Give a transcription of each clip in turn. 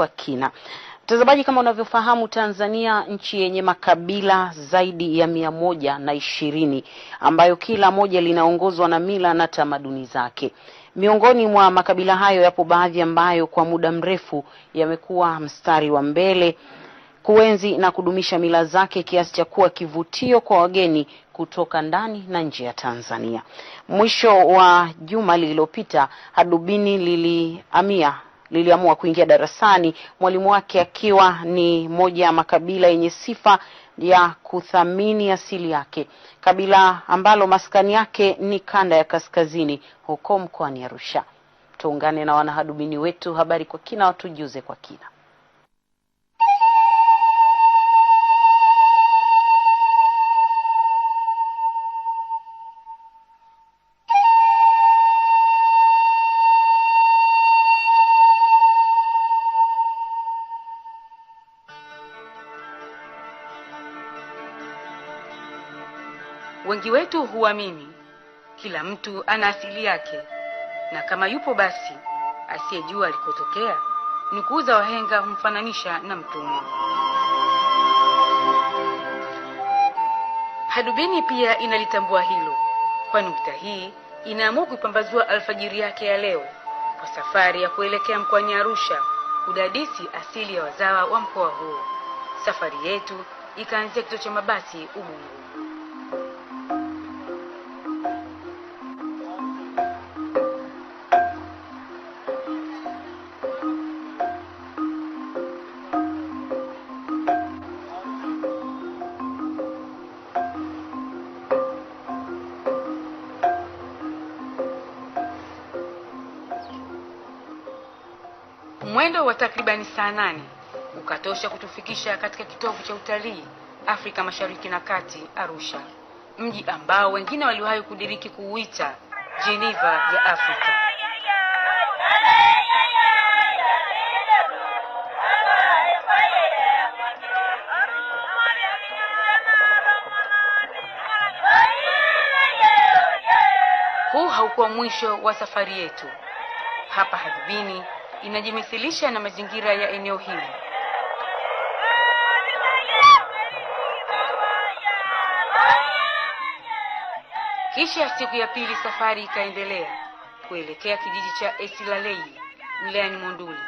kwa kina. Mtazamaji, kama unavyofahamu, Tanzania nchi yenye makabila zaidi ya mia moja na ishirini ambayo kila moja linaongozwa na mila na tamaduni zake. Miongoni mwa makabila hayo yapo baadhi ambayo kwa muda mrefu yamekuwa mstari wa mbele kuenzi na kudumisha mila zake kiasi cha kuwa kivutio kwa wageni kutoka ndani na nje ya Tanzania. Mwisho wa juma lililopita, hadubini liliamia liliamua kuingia darasani, mwalimu wake akiwa ni moja ya makabila yenye sifa ya kuthamini asili yake, kabila ambalo maskani yake ni kanda ya kaskazini huko mkoani Arusha. Tuungane na wanahadubini wetu habari kwa kina, watujuze kwa kina. Wengi wetu huamini kila mtu ana asili yake, na kama yupo basi asiyejua alikotokea, nukuu za wahenga humfananisha na mtumwa. Hadubini pia inalitambua hilo, kwa nukta hii inaamua kuipambazua alfajiri yake ya leo kwa safari ya kuelekea mkoani Arusha kudadisi asili ya wazawa wa mkoa huo. Safari yetu ikaanzia kituo cha mabasi ubungu takribani saa nane ukatosha kutufikisha katika kitovu cha utalii Afrika Mashariki na Kati, Arusha, mji ambao wengine waliwahi kudiriki kuuita Geneva ya Afrika. Huu haukuwa mwisho wa safari yetu. Hapa hadhibini inajimithilisha na mazingira ya eneo hili. Kisha siku ya pili safari ikaendelea kuelekea kijiji cha Esilalei wilayani Monduli,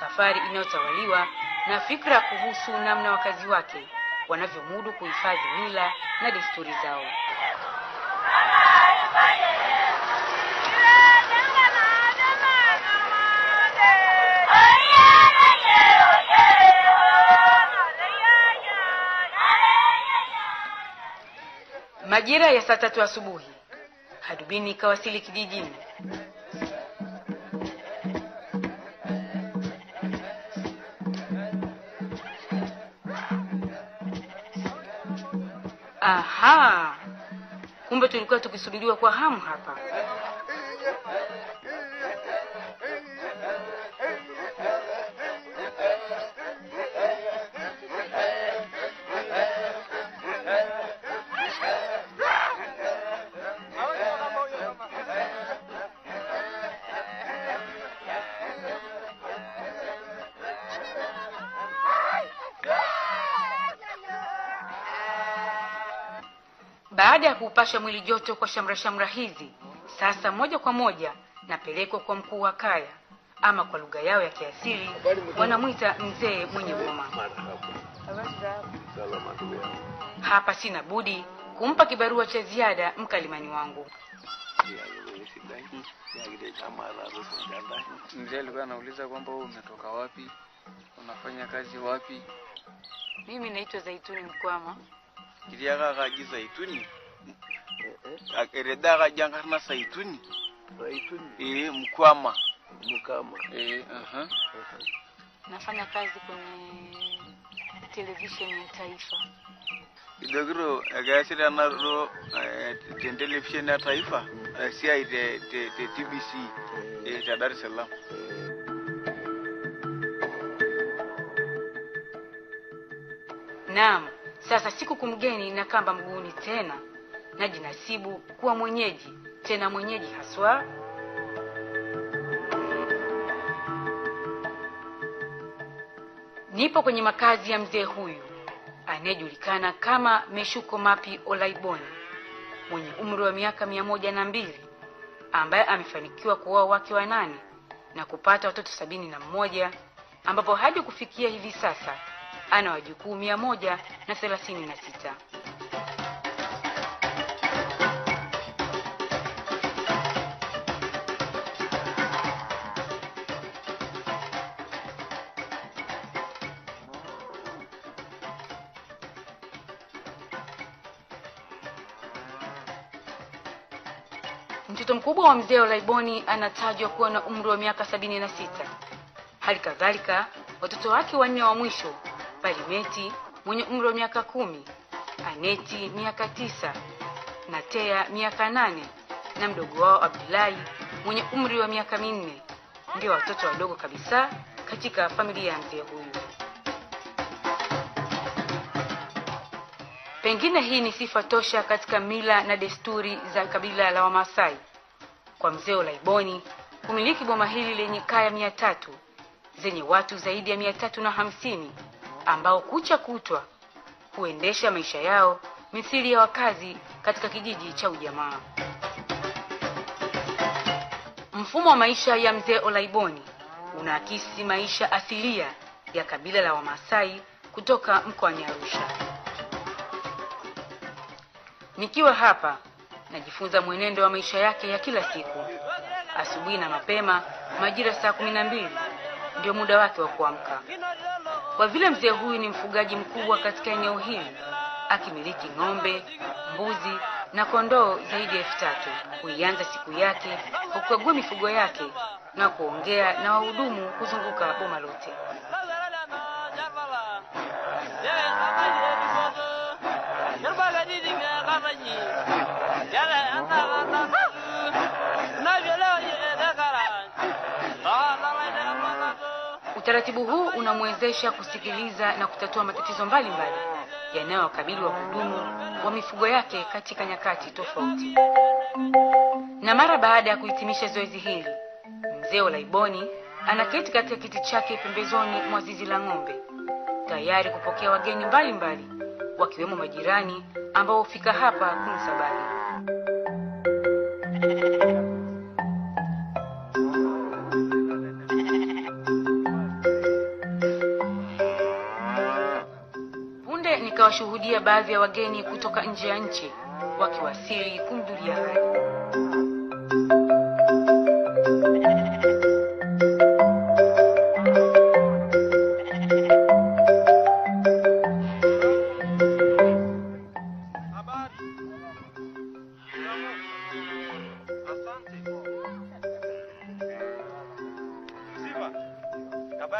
safari inayotawaliwa na fikra kuhusu namna wakazi wake wanavyomudu kuhifadhi mila na desturi zao. Majira ya saa tatu asubuhi hadubini ikawasili kijijini. Aha, kumbe tulikuwa tukisubiriwa kwa hamu hapa. Baada ya kuupasha mwili joto kwa shamra shamra hizi, sasa moja kwa moja napelekwa kwa mkuu wa kaya, ama kwa lugha yao ya kiasili wanamwita mzee mwenye boma. Hapa sina budi kumpa kibarua cha ziada mkalimani wangu. Mzee alikuwa anauliza kwamba wewe umetoka wapi, unafanya kazi wapi? Mimi naitwa Zaituni Mkwama. Kiliaga kaji Zaituni akareda akaja nkarna Saituni Saituni eh, Mkwama Mkwama eh, aha. Nafanya kazi kwenye television ya taifa idogiro ekeesita nalo te television ya taifa esiai te, te, TBC eh, te eh. eh, Dar es Salaam eh. Naam, sasa siku kumgeni na kamba mguuni tena najinasibu kuwa mwenyeji, tena mwenyeji haswa. Nipo kwenye makazi ya mzee huyu anayejulikana kama Meshuko Mapi Olaiboni mwenye umri wa miaka mia moja na mbili ambaye amefanikiwa kuoa wake wanane na kupata watoto sabini na mmoja ambapo hadi kufikia hivi sasa ana wajukuu mia moja na thelathini na sita. Mtoto mkubwa wa mzee Olaiboni anatajwa kuwa na umri wa miaka sabini na sita. Hali kadhalika watoto wake wanne wa mwisho Palimeti mwenye umri wa miaka kumi, Aneti miaka tisa, na Tea miaka nane na mdogo wao Abdulahi mwenye umri wa miaka minne ndio watoto wadogo kabisa katika familia ya mzee huyu. Pengine hii ni sifa tosha katika mila na desturi za kabila la Wamasai kwa mzee Olaiboni kumiliki boma hili lenye kaya mia tatu zenye watu zaidi ya mia tatu na hamsini ambao kucha kutwa huendesha maisha yao misili ya wakazi katika kijiji cha ujamaa. Mfumo wa maisha ya mzee Olaiboni unaakisi maisha asilia ya kabila la Wamasai kutoka mkoani Arusha. Nikiwa hapa najifunza mwenendo wa maisha yake ya kila siku. Asubuhi na mapema, majira saa kumi na mbili ndio muda wake wa kuamka. Kwa vile mzee huyu ni mfugaji mkubwa katika eneo hili, akimiliki ng'ombe, mbuzi na kondoo zaidi ya elfu tatu, huianza siku yake kwa kukagua mifugo yake na kuongea na wahudumu kuzunguka boma lote. dakara ah, Utaratibu huu unamwezesha kusikiliza na kutatua matatizo mbalimbali yanayowakabili wahudumu wa mifugo yake katika nyakati tofauti. Na mara baada ya kuhitimisha zoezi hili, mzee Olaiboni anaketi katika kiti chake pembezoni mwa zizi la ng'ombe, tayari kupokea wageni mbalimbali mbali wakiwemo majirani ambao hufika hapa kumsabali. Punde nikawashuhudia baadhi ya wageni kutoka nje ya nchi wakiwasili kumjulia hali.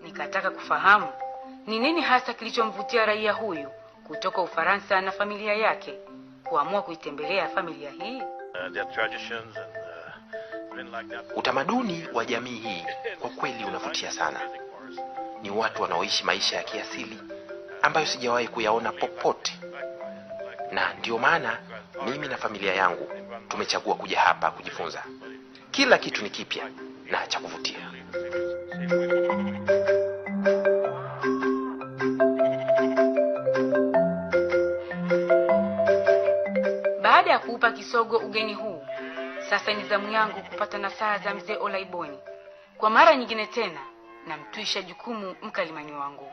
Nikataka kufahamu ni nini hasa kilichomvutia raia huyu kutoka Ufaransa na familia yake kuamua kuitembelea familia hii. Uh, uh, Utamaduni wa jamii hii kwa kweli unavutia sana. Ni watu wanaoishi maisha ya kiasili ambayo sijawahi kuyaona popote, na ndio maana mimi na familia yangu tumechagua kuja hapa kujifunza. Kila kitu ni kipya na cha kuvutia. Baada ya kuupa kisogo ugeni huu, sasa ni zamu yangu kupata nasaha za mzee Olaiboni. Kwa mara nyingine tena, namtwisha jukumu mkalimani wangu.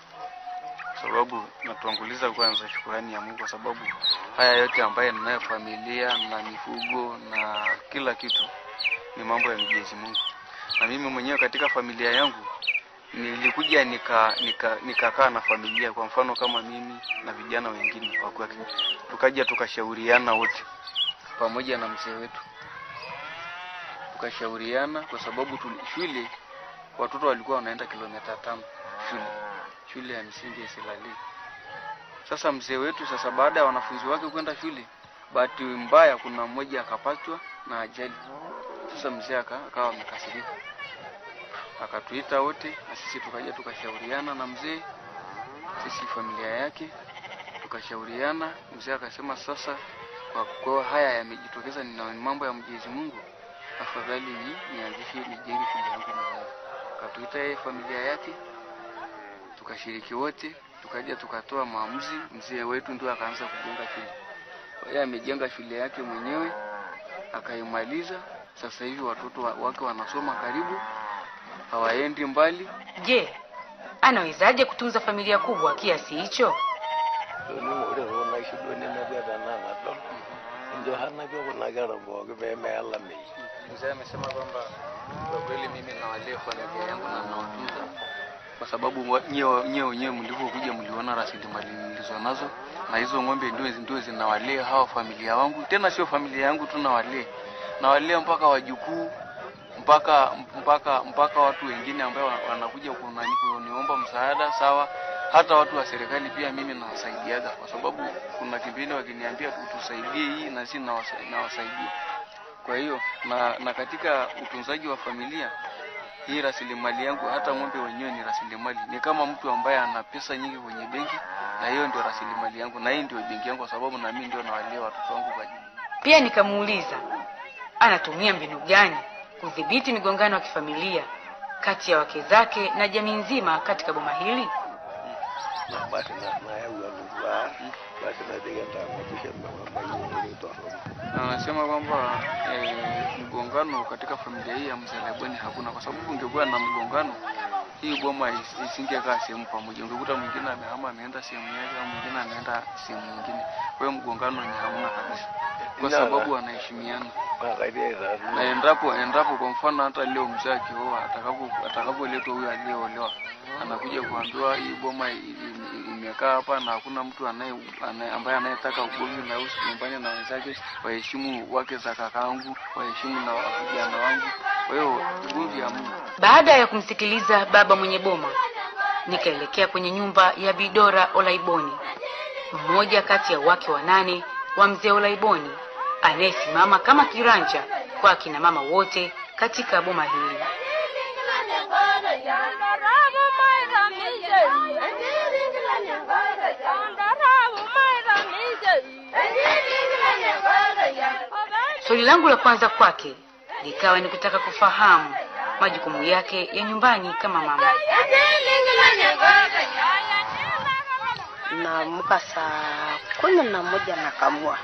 sababu natuanguliza kwanza shukurani ya Mungu kwa sababu haya yote ambayo ninayo, familia na mifugo na kila kitu, ni mambo ya Mwenyezi Mungu. Na mimi mwenyewe katika familia yangu nilikuja nikakaa nika, nika na familia, kwa mfano kama mimi na vijana wengine wa tukaja tukashauriana wote pamoja na mzee wetu tukashauriana, kwa sababu tulishule watoto walikuwa wanaenda kilomita tano shule shule ya msingi Isilali. Sasa mzee wetu sasa, baada ya wanafunzi wake kwenda shule, bahati mbaya, kuna mmoja akapatwa na ajali. Sasa mzee akawa amekasirika, akatuita wote na sisi tukaja tukashauriana na mzee, sisi familia yake tukashauriana. Mzee akasema sasa, kwa kuwa haya yamejitokeza, ni mambo ya Mwenyezi Mungu, afadhali ni nianzishe nijengi shule yangu mwenyewe. Akatuita yeye familia yake tukashiriki wote, tukaja tukatoa maamuzi. Mzee wetu ndio akaanza kujenga shule. Kwa hiyo amejenga shule yake mwenyewe akaimaliza. Sasa hivi watoto wake wanasoma karibu, hawaendi mbali. Je, anawezaje kutunza familia kubwa kiasi hicho? Mzee amesema kwamba kwa kweli mimi nawalea familia yangu na nawatunza kwa sababu nyewe wenyewe mlivyokuja mliona rasilimali nilizo nazo, na hizo ng'ombe ndio ndio zinawalea hawa familia wangu, tena sio familia yangu tu, nawalea nawalea mpaka wajukuu mpaka mpaka mpaka watu wengine ambao wanakuja kuniomba msaada. Sawa, hata watu wa serikali pia mimi nawasaidiaga, kwa sababu kuna kipindi wakiniambia tusaidie hii na si nawasaidia. Kwa hiyo na, na katika utunzaji wa familia hii rasilimali yangu, hata ng'ombe wenyewe ni rasilimali. Ni kama mtu ambaye ana pesa nyingi kwenye benki, na hiyo ndio rasilimali yangu, na hii ndio benki yangu, kwa sababu na mimi ndio nawalea watoto wangu kwa ajili. Pia nikamuuliza anatumia mbinu gani kudhibiti migongano ya kifamilia kati ya wake zake na jamii nzima katika boma hili. Hmm. Anasema kwamba eh, mgongano katika familia hii ya mzee Lebweni hakuna, kwa sababu ungekuwa na mgongano hii boma isingekaa sehemu pamoja. Ungekuta mwingine amehama ameenda sehemu yake au mwingine ameenda sehemu nyingine. Kwa hiyo mgongano ni hamna kabisa, kwa sababu wanaheshimiana na endapo endapo kwa mfano hata leo mzee akioa atakapoletwa huyo aliyeolewa anakuja kuambiwa hii boma tumekaa hapa na hakuna mtu anaye, ambaye anayetaka ugomvi na usigombane na wenzake, waheshimu wake za kakaangu, waheshimu na vijana wangu. Kwa hiyo ugomvi hamna. Baada ya kumsikiliza baba mwenye boma, nikaelekea kwenye nyumba ya Bidora Olaiboni, mmoja kati ya wake wanane wa mzee Olaiboni, anayesimama kama kiranja kwa akina mama wote katika boma hili. Swali langu la kwanza kwake likawa ni kutaka kufahamu majukumu yake ya nyumbani kama mama. Naamka saa kumi na moja nakamua,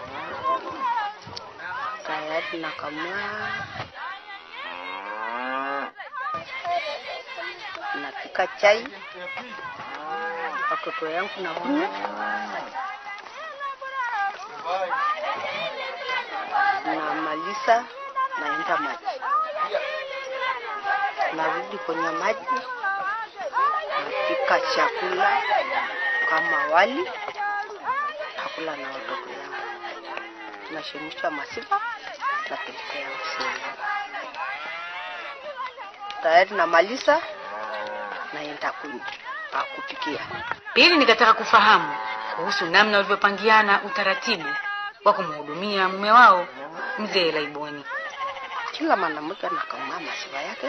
tayari nakamua, napika chai watoto yangu na mama namaliza naenda maji, narudi kwenye maji, napika chakula kama wali, nakula na watoto yangu, nashemsha maziwa napelekea msini. Tayari namaliza naenda kupikia. Pili, nikataka kufahamu kuhusu namna ulivyopangiana utaratibu wa kumhudumia mume wao mzee Laiboni. Kila mwanamke anakamua maziwa yake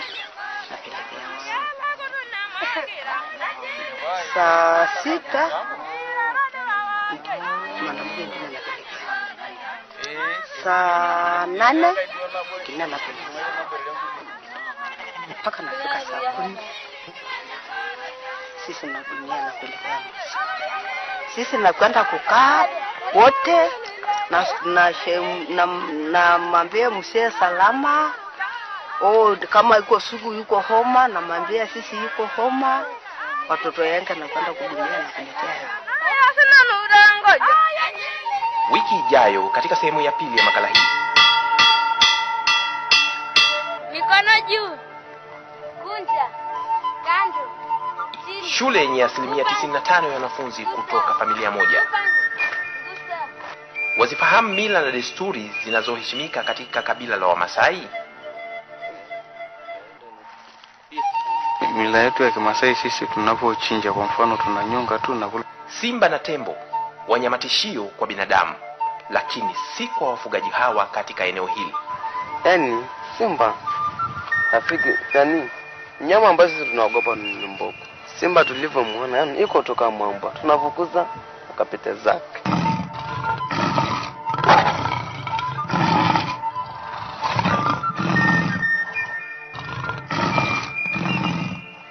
na pilipili. Saa sita mwanamke ndio anapeleka, saa nane ndio anapeleka mpaka nafika saa kumi sisi na dunia na kwenda sisi na kwenda kukaa wote na na namwambia msee salama. Oh, kama iko sugu yuko homa, mambia sisi yuko homa, watoto na nakwenda kudumia na kuletea. Wiki ijayo katika sehemu ya pili ya makala hii. Mikono juu. Kunja. Kando. Shule yenye asilimia 95 ya wanafunzi kutoka familia moja wazifahamu mila na desturi zinazoheshimika katika kabila la Wamasai. Mila yetu ya Kimasai sisi tunapochinja, kwa mfano, tunanyonga tu na kula. Simba na tembo wanyama tishio kwa binadamu, lakini si kwa wafugaji hawa katika eneo hili. Yani simba rafiki, yani nyama ambazo sisi tunaogopa ni mbogo. Simba tulivyomwona, yani iko toka mwamba, tunavukuza akapita zake.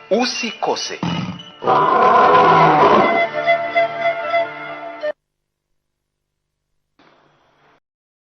Usikose.